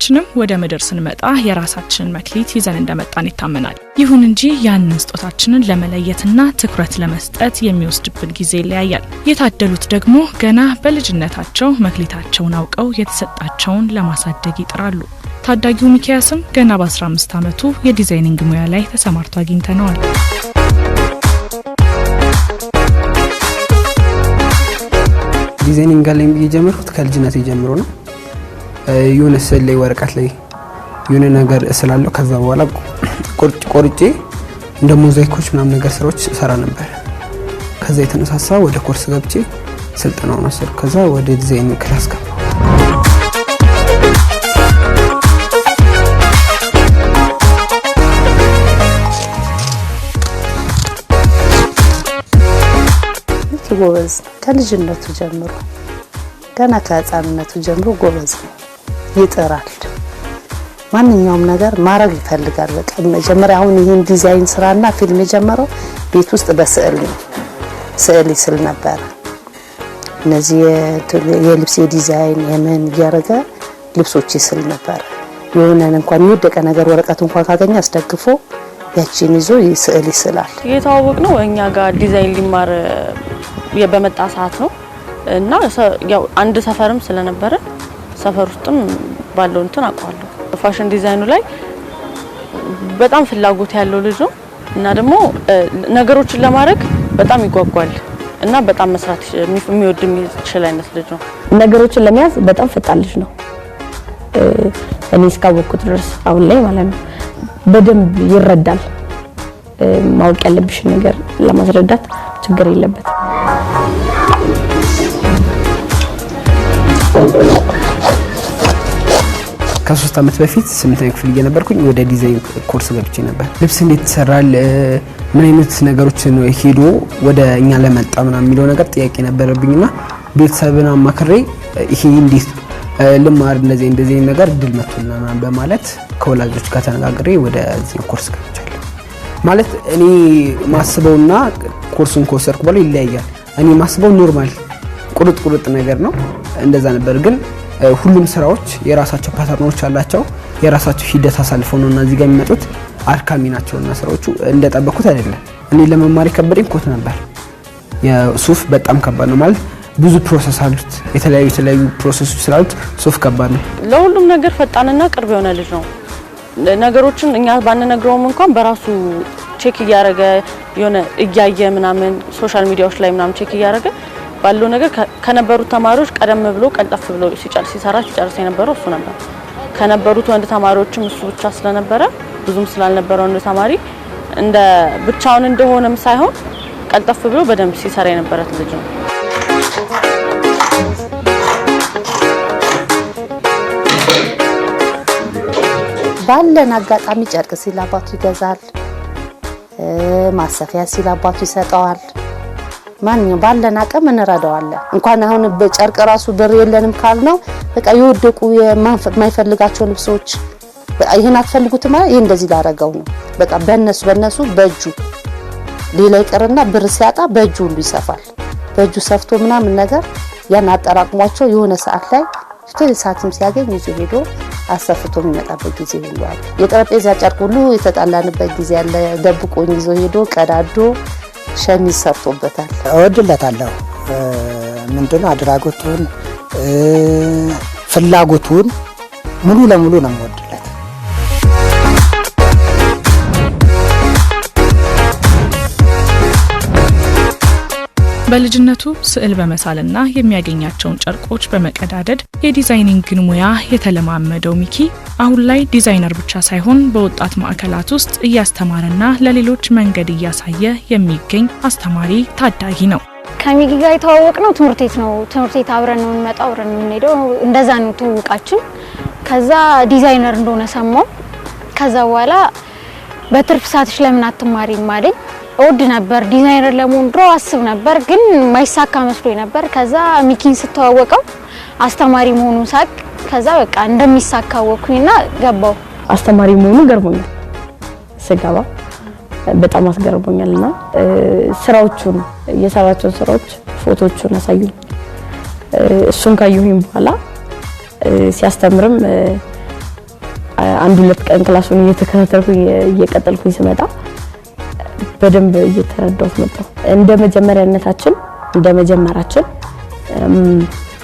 ሁላችንም ወደ ምድር ስንመጣ የራሳችንን መክሊት ይዘን እንደመጣን ይታመናል። ይሁን እንጂ ያንን ስጦታችንን ለመለየትና ትኩረት ለመስጠት የሚወስድብን ጊዜ ይለያያል። የታደሉት ደግሞ ገና በልጅነታቸው መክሊታቸውን አውቀው የተሰጣቸውን ለማሳደግ ይጥራሉ። ታዳጊው ሚኪያስም ገና በ15 ዓመቱ የዲዛይኒንግ ሙያ ላይ ተሰማርቶ አግኝተነዋል። ዲዛይኒንግ ላይ የጀመርኩት ከልጅነት ጀምሮ ነው። የሆነ ስዕል ላይ ወረቀት ላይ የሆነ ነገር ስላለው ከዛ በኋላ ቆርጬ እንደ ሞዛይኮች ምናምን ነገር ስራዎች ሰራ ነበር። ከዛ የተነሳሳ ወደ ኮርስ ገብቼ ስልጠናውን ወሰድኩ። ከዛ ወደ ዲዛይን ክላስ ገባ። ጎበዝ ከልጅነቱ ጀምሮ ገና ከህፃንነቱ ጀምሮ ጎበዝ ነው። ይጥራል። ማንኛውም ነገር ማድረግ ይፈልጋል። በቃ መጀመሪያ አሁን ይህን ዲዛይን ስራና ፊልም የጀመረው ቤት ውስጥ በስዕል ነው። ስዕል ይስል ነበረ። እነዚህ የልብስ የዲዛይን የምን እያደረገ ልብሶች ይስል ነበረ። የሆነን እንኳን የወደቀ ነገር ወረቀት እንኳን ካገኘ አስደግፎ ያቺን ይዞ ስዕል ይስላል። የተዋወቅ ነው እኛ ጋር ዲዛይን ሊማር በመጣ ሰዓት ነው እና አንድ ሰፈርም ስለነበረ ሰፈር ውስጥም ባለው እንትን አውቀዋለሁ። ፋሽን ዲዛይኑ ላይ በጣም ፍላጎት ያለው ልጅ ነው እና ደግሞ ነገሮችን ለማድረግ በጣም ይጓጓል እና በጣም መስራት የሚወድ የሚችል አይነት ልጅ ነው። ነገሮችን ለመያዝ በጣም ፈጣን ልጅ ነው። እኔ እስካወቅኩት ድረስ አሁን ላይ ማለት ነው። በደንብ ይረዳል። ማወቅ ያለብሽን ነገር ለማስረዳት ችግር የለበትም። ከሶስት ዓመት በፊት ስምንተኛ ክፍል እየነበርኩኝ ወደ ዲዛይን ኮርስ ገብቼ ነበር። ልብስ እንዴት ይሰራል፣ ምን አይነት ነገሮች ነው ሄዶ ወደ እኛ ለመጣ ምና የሚለው ነገር ጥያቄ ነበረብኝና ቤተሰብን አማክሬ ይሄ እንዴት ልማር እንደዚህ እንደዚህ ነገር እድል መቶልና በማለት ከወላጆች ጋር ተነጋግሬ ወደዚህ ኮርስ ገብቻለሁ። ማለት እኔ ማስበውና ኮርሱን ከወሰድኩ በኋላ ይለያያል። እኔ ማስበው ኖርማል ቁርጥ ቁርጥ ነገር ነው፣ እንደዛ ነበር ግን ሁሉም ስራዎች የራሳቸው ፓተርኖች አላቸው። የራሳቸው ሂደት አሳልፈው ነው እና እዚህ ጋር የሚመጡት አድካሚ እና ስራዎቹ እንደጠበኩት አይደለም። እኔ ለመማር የከበደኝ ኮት ነበር። የሱፍ በጣም ከባድ ነው ማለት ብዙ ፕሮሰስ አሉት። የተለያዩ የተለያዩ ፕሮሰሶች ስላሉት ሱፍ ከባድ ነው። ለሁሉም ነገር ፈጣንና ቅርብ የሆነ ልጅ ነው። ነገሮችን እኛ ባንነግረውም እንኳን በራሱ ቼክ እያደረገ የሆነ እያየ ምናምን ሶሻል ሚዲያዎች ላይ ምናምን ቼክ እያደረገ ባለው ነገር ከነበሩት ተማሪዎች ቀደም ብሎ ቀልጠፍ ብሎ ሲሰራ ሲጨርስ የነበረው እሱ ነበር። ከነበሩት ወንድ ተማሪዎችም እሱ ብቻ ስለነበረ ብዙም ስላልነበረ ወንድ ተማሪ እንደ ብቻውን እንደሆነም ሳይሆን ቀልጠፍ ብሎ በደንብ ሲሰራ የነበረ ልጅ ነው። ባለን አጋጣሚ ጨርቅ ሲል አባቱ ይገዛል፣ ማሰፊያ ሲል አባቱ ይሰጠዋል። ማንኛውም ባለን አቅም እንረዳዋለን። እንኳን አሁን በጨርቅ ራሱ ብር የለንም ካልነው በቃ የወደቁ የማይፈልጋቸው ልብሶች ይህን አትፈልጉትማ ይህ እንደዚህ ላረገው ነው በቃ በነሱ በነሱ በእጁ ሌላ ይቅርና ብር ሲያጣ በእጁ ሁሉ ይሰፋል። በእጁ ሰፍቶ ምናምን ነገር ያን አጠራቅሟቸው የሆነ ሰዓት ላይ ፍትል ሳትም ሲያገኝ ይዞ ሄዶ አሰፍቶ የሚመጣበት ጊዜ ሁሉ አለ። የጠረጴዛ ጨርቅ ሁሉ የተጣላንበት ጊዜ አለ። ደብቆኝ ይዞ ሄዶ ቀዳዶ ሸሚዝ ሰርቶበታል። እወድለታለሁ። ምንድነው አድራጎቱን ፍላጎቱን ሙሉ ለሙሉ ነው ወድለ በልጅነቱ ስዕል በመሳልና የሚያገኛቸውን ጨርቆች በመቀዳደድ የዲዛይኒንግን ሙያ የተለማመደው ሚኪ አሁን ላይ ዲዛይነር ብቻ ሳይሆን በወጣት ማዕከላት ውስጥ እያስተማረና ለሌሎች መንገድ እያሳየ የሚገኝ አስተማሪ ታዳጊ ነው። ከሚኪ ጋር የተዋወቅ ነው ትምህርት ቤት ነው። ትምህርት ቤት አብረን ነው የምንመጣው፣ አብረን ነው የምንሄደው። እንደዛ ነው ትውውቃችን። ከዛ ዲዛይነር እንደሆነ ሰማው። ከዛ በኋላ በትርፍ ሰዓትሽ ለምን አትማሪም አለኝ። እወድ ነበር ዲዛይነር ለመሆን ድሮ አስብ ነበር፣ ግን ማይሳካ መስሎ ነበር። ከዛ ሚኪን ስተዋወቀው አስተማሪ መሆኑን ሳቅ። ከዛ በቃ እንደሚሳካ ወኩኝና ገባው። አስተማሪ መሆኑ ገርሞኛል። ስገባ በጣም አስገርሞኛል። እና ስራዎቹን የሰራቸውን ስራዎች ፎቶቹን አሳዩኝ። እሱን ካየሁኝ በኋላ ሲያስተምርም አንድ ሁለት ቀን ክላሱን እየተከታተልኩኝ እየቀጠልኩኝ ስመጣ በደንብ እየተረዳሁት መጣሁ። እንደ መጀመሪያነታችን እንደ መጀመራችን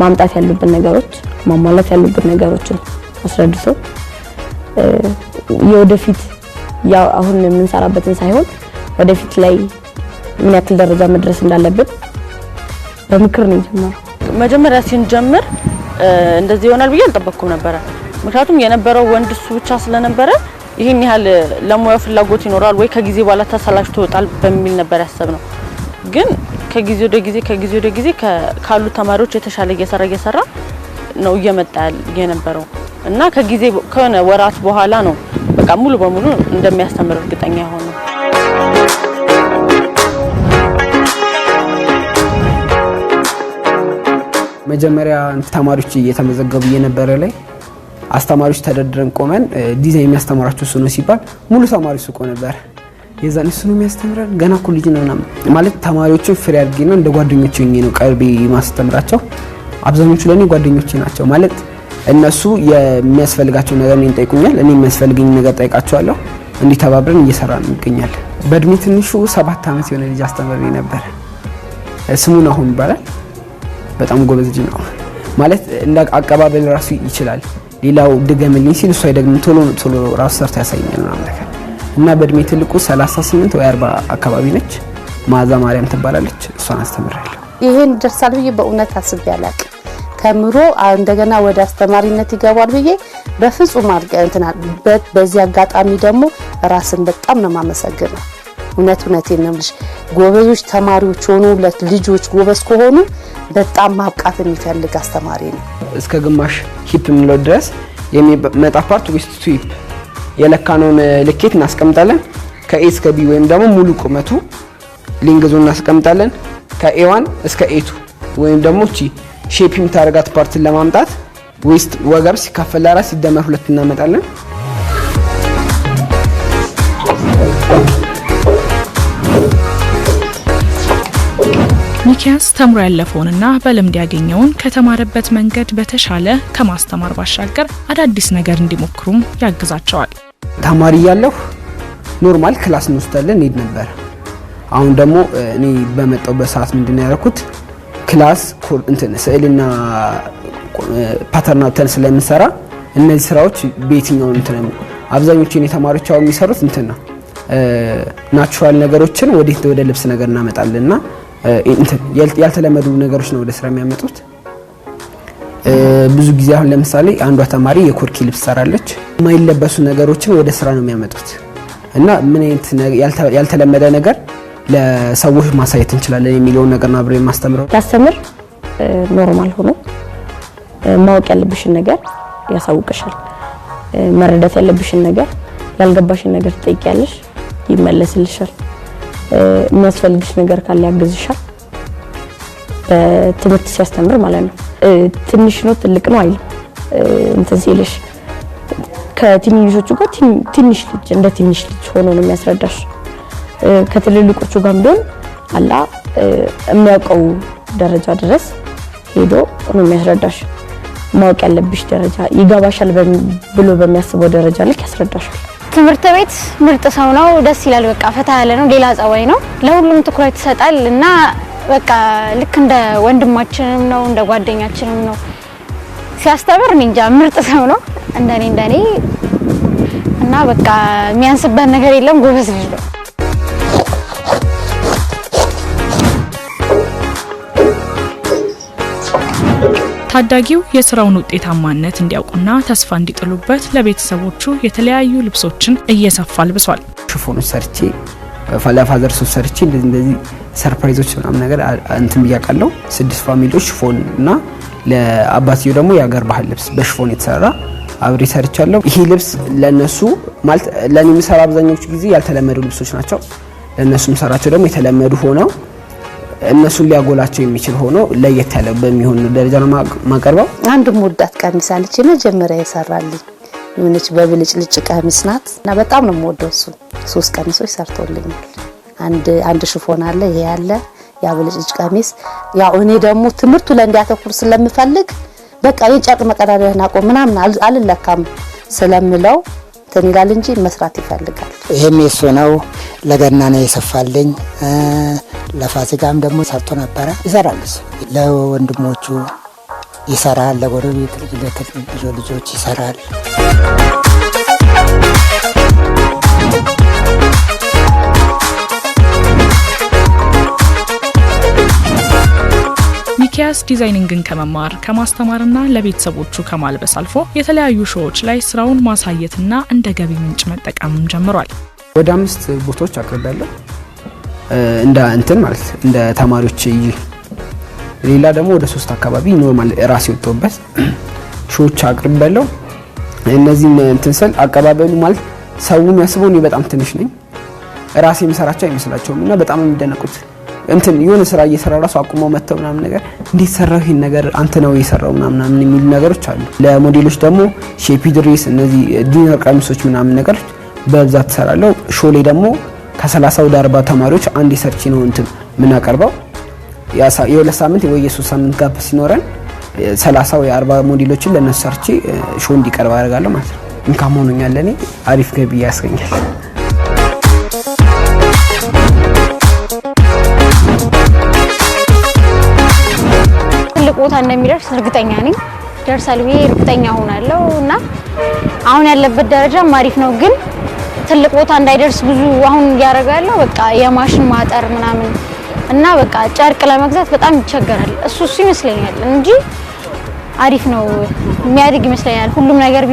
ማምጣት ያሉብን ነገሮች ማሟላት ያሉብን ነገሮችን አስረድቶ የወደፊት ያው አሁን የምንሰራበትን ሳይሆን ወደፊት ላይ ምን ያክል ደረጃ መድረስ እንዳለብን በምክር ነው የጀመረው። መጀመሪያ ሲንጀምር እንደዚህ ይሆናል ብዬ አልጠበቅኩም ነበረ። ምክንያቱም የነበረው ወንድ እሱ ብቻ ስለነበረ ይህን ያህል ለሙያው ፍላጎት ይኖራል ወይ ከጊዜ በኋላ ተሰላሽ ይወጣል በሚል ነበር ነው። ግን ከጊዜ ወደ ጊዜ ከጊዜ ወደ ጊዜ ካሉ ተማሪዎች የተሻለ እየሰራ እየሰራ ነው እየመጣ የነበረው እና ከጊዜ ከሆነ ወራት በኋላ ነው በቃ ሙሉ በሙሉ እንደሚያስተምር እርግጠኛ የሆነው። መጀመሪያ ተማሪዎች እየተመዘገቡ እየነበረ ላይ አስተማሪዎች ተደርድረን ቆመን ዲዛይን የሚያስተምራቸው እሱ ነው ሲባል ሙሉ ተማሪ ሱቆ ነበር። የዛን እሱ ነው የሚያስተምረን ገና እኮ ልጅ ነው ማለት ተማሪዎችን ፍሬ አድርጌ ነው እንደ ጓደኞች ነው ቀርቤ ማስተምራቸው። አብዛኞቹ ለእኔ ጓደኞች ናቸው ማለት እነሱ የሚያስፈልጋቸው ነገር እኔን ጠይቁኛል፣ እኔ የሚያስፈልግኝ ነገር ጠይቃቸዋለሁ። እንዲህ ተባብረን እየሰራ ነው ይገኛል። በእድሜ ትንሹ ሰባት ዓመት የሆነ ልጅ አስተምሬ ነበር። ስሙን አሁን ይባላል። በጣም ጎበዝ ልጅ ነው ማለት እንደ አቀባበል ራሱ ይችላል። ሌላው ድገምልኝ ሲል እሷ ደግሞ ቶሎ ቶሎ ራሱ ሰርታ ያሳየኛል ምናምን ነገር እና በእድሜ ትልቁ 38 ወይ 40 አካባቢ ነች። ማዛ ማርያም ትባላለች። እሷን አስተምራለሁ። ይሄን ይደርሳል ብዬ በእውነት አስቤ አላቅም። ተምሮ እንደገና ወደ አስተማሪነት ይገባል ብዬ በፍጹም አልቀ እንትናል። በዚህ አጋጣሚ ደግሞ ራስን በጣም ነው የማመሰግነው። እውነት እውነቴን ነው የምልሽ ጎበዞች ተማሪዎች ሁለት ልጆች ጎበዝ ከሆኑ በጣም ማብቃት የሚፈልግ አስተማሪ ነው። እስከ ግማሽ ሂፕ የምንለው ድረስ የሚመጣ ፓርት ዊስት ቱ ሂፕ የለካነውን ልኬት እናስቀምጣለን። ከኤ እስከ ቢ ወይም ደግሞ ሙሉ ቁመቱ ሊንግዙ እናስቀምጣለን። ከኤዋን እስከ ኤቱ ወይም ደግሞ ቺ ሼፕ የምታደርጋት ፓርትን ለማምጣት ዌስት ወገብ ሲካፈል አራት ሲደመር ሁለት እናመጣለን። ሚኪያስ ተምሮ ያለፈውንና በልምድ ያገኘውን ከተማረበት መንገድ በተሻለ ከማስተማር ባሻገር አዳዲስ ነገር እንዲሞክሩም ያግዛቸዋል። ተማሪ እያለሁ ኖርማል ክላስ እንወስዳለን እኔድ ነበር። አሁን ደግሞ እኔ በመጣው ሰዓት ምንድን ያደረኩት ክላስ ስዕልና ፓተርና ተን ስለምሰራ እነዚህ ስራዎች በየትኛው እንትን አብዛኞቹ የኔ ተማሪዎች አሁን የሚሰሩት እንትን ነው ናቹራል ነገሮችን ወዴት ወደ ልብስ ነገር እናመጣለን እና ያልተለመዱ ነገሮች ነው ወደ ስራ የሚያመጡት። ብዙ ጊዜ አሁን ለምሳሌ አንዷ ተማሪ የኮርኪ ልብስ ሰራለች። የማይለበሱ ነገሮችን ወደ ስራ ነው የሚያመጡት እና ምን አይነት ያልተለመደ ነገር ለሰዎች ማሳየት እንችላለን የሚለውን ነገር ነው አብሬ ማስተምረው። ያስተምር ኖርማል ሆኖ ማወቅ ያለብሽን ነገር ያሳውቅሻል። መረዳት ያለብሽን ነገር፣ ያልገባሽን ነገር ትጠይቂያለሽ፣ ይመለስልሻል። የሚያስፈልግሽ ነገር ካለ ያግዝሻል። በትምህርት ሲያስተምር ማለት ነው። ትንሽ ነው ትልቅ ነው አይልም። እንትን ሲልሽ ከትንንሾቹ ጋር ትንሽ ልጅ እንደ ትንሽ ልጅ ሆኖ ነው የሚያስረዳሽ። ከትልልቆቹ ጋር ቢሆን አላ የሚያውቀው ደረጃ ድረስ ሄዶ ነው የሚያስረዳሽ። ማወቅ ያለብሽ ደረጃ ይገባሻል ብሎ በሚያስበው ደረጃ ልክ ያስረዳሻል። ትምህርት ቤት ምርጥ ሰው ነው፣ ደስ ይላል። በቃ ፈታ ያለ ነው፣ ሌላ ጸባይ ነው። ለሁሉም ትኩረት ይሰጣል እና በቃ ልክ እንደ ወንድማችንም ነው፣ እንደ ጓደኛችንም ነው። ሲያስተምር እንጃ ምርጥ ሰው ነው እንደኔ እንደኔ እና በቃ የሚያንስበት ነገር የለም። ጎበዝ ልጅ ነው። ታዳጊው የስራውን ውጤታማነት እንዲያውቁና ተስፋ እንዲጥሉበት ለቤተሰቦቹ የተለያዩ ልብሶችን እየሰፋ አልብሷል። ሽፎኑ ሰርቼ ፈለፋዘር ሱፍ ሰርቼ እንደዚህ እንደዚህ ሰርፕራይዞች ምናምን ነገር እንትን ብያቃለው። ስድስት ፋሚሊዎች ሽፎን እና ለአባትዮ ደግሞ የሀገር ባህል ልብስ በሽፎን የተሰራ አብሬ ሰርቻለሁ። ይሄ ልብስ ለነሱ ማለት ለእኔ የምሰራ አብዛኞቹ ጊዜ ያልተለመዱ ልብሶች ናቸው። ለእነሱ የምሰራቸው ደግሞ የተለመዱ ሆነው እነሱን ሊያጎላቸው የሚችል ሆኖ ለየት ያለ በሚሆን ደረጃ ነው ማቀርበው። አንድም ወዳት ቀሚስ አለች የመጀመሪያ የሰራልኝ የሆነች በብልጭልጭ ቀሚስ ናት እና በጣም ነው የምወደው። እሱ ሶስት ቀሚሶች ሰርቶልኛል። አንድ አንድ ሽፎን አለ፣ ይሄ አለ ያ ብልጭልጭ ቀሚስ። ያው እኔ ደግሞ ትምህርቱ ላይ እንዲያተኩር ስለምፈልግ በቃ የጨርቅ መቀዳደህን አቆም ምናምን አልለካም ስለምለው እንትን ይላል እንጂ መስራት ይፈልጋል። ይህም የሱ ነው። ለገና ነው የሰፋልኝ። ለፋሲካም ደግሞ ሰርቶ ነበረ። ይሰራል እሱ ለወንድሞቹ ይሰራል። ለጎረቤት ልጆች ይሰራል። ኤልያስ ዲዛይኒንግን ከመማር ከማስተማርና ለቤተሰቦቹ ከማልበስ አልፎ የተለያዩ ሾዎች ላይ ስራውን ማሳየትና እንደ ገቢ ምንጭ መጠቀምም ጀምሯል። ወደ አምስት ቦታዎች አቅርቤያለሁ እንደ እንትን ማለት እንደ ተማሪዎች እይ ሌላ ደግሞ ወደ ሶስት አካባቢ ኖርማል ራሴ ወጥቶበት ሾዎች አቅርቤያለሁ። እነዚህን እንትን ስል አቀባበሉ ማለት ሰው የሚያስበው እኔ በጣም ትንሽ ነኝ ራሴ የምሰራቸው አይመስላቸውም እና በጣም የሚደነቁት እንትን የሆነ ስራ እየሰራ ራሱ አቁመው መጥተው ምናምን ነገር እንዴት ሰራው ይሄን ነገር አንተ ነው የሰራው ምናምን የሚሉ ነገሮች አሉ። ለሞዴሎች ደግሞ ሼፒ ድሬስ፣ እነዚህ ዲነር ቀሚሶች ምናምን ነገር በብዛት ሰራለው። ሾሌ ደግሞ ከ30 ወደ 40 ተማሪዎች አንድ የሰርች ነው እንትን የምናቀርበው የሁለት ሳምንት ወይ የሶስት ሳምንት ጋፕ ሲኖረን 30 ወይ 40 ሞዴሎችን ለነሱ ሰርቼ ሾ እንዲቀርብ አደርጋለሁ ማለት ነው። እንካም ሆኖኛል ለእኔ አሪፍ ገቢ ያስገኛል። ቦታ እንደሚደርስ እርግጠኛ ነኝ። ደርሳል ብዬ እርግጠኛ ሆናለሁ እና አሁን ያለበት ደረጃም አሪፍ ነው፣ ግን ትልቅ ቦታ እንዳይደርስ ብዙ አሁን እያደረገ ያለው በቃ የማሽን ማጠር ምናምን እና በቃ ጨርቅ ለመግዛት በጣም ይቸገራል። እሱ እሱ ይመስለኛል እንጂ አሪፍ ነው የሚያድግ ይመስለኛል። ሁሉም ነገር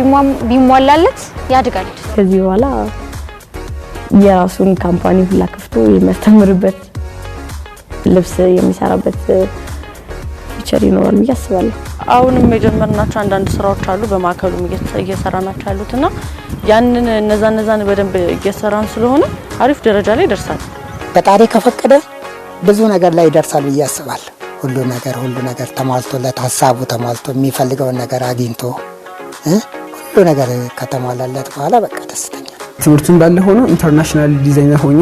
ቢሟላለት ያድጋል። ከዚህ በኋላ የራሱን ካምፓኒ ሁላ ከፍቶ የሚያስተምርበት ልብስ የሚሰራበት ፊቸር ይኖራል ብዬ አስባለሁ። አሁንም የጀመርናቸው አንዳንድ ስራዎች አሉ በማዕከሉም እየሰራናቸው ያሉት እና ያንን እነዛ እነዛን በደንብ እየሰራን ስለሆነ አሪፍ ደረጃ ላይ ይደርሳል። በጣሪ ከፈቀደ ብዙ ነገር ላይ ይደርሳል ብዬ አስባለሁ። ሁሉ ነገር ሁሉ ነገር ተሟልቶለት ሀሳቡ ተሟልቶ የሚፈልገውን ነገር አግኝቶ ሁሉ ነገር ከተሟላለት በኋላ በቃ ደስተኛ ትምህርቱ እንዳለ ሆኖ ኢንተርናሽናል ዲዛይነር ሆኜ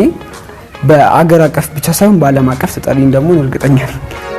በአገር አቀፍ ብቻ ሳይሆን በዓለም አቀፍ ተጠሪኝ ደግሞ እርግጠኛ ነኝ።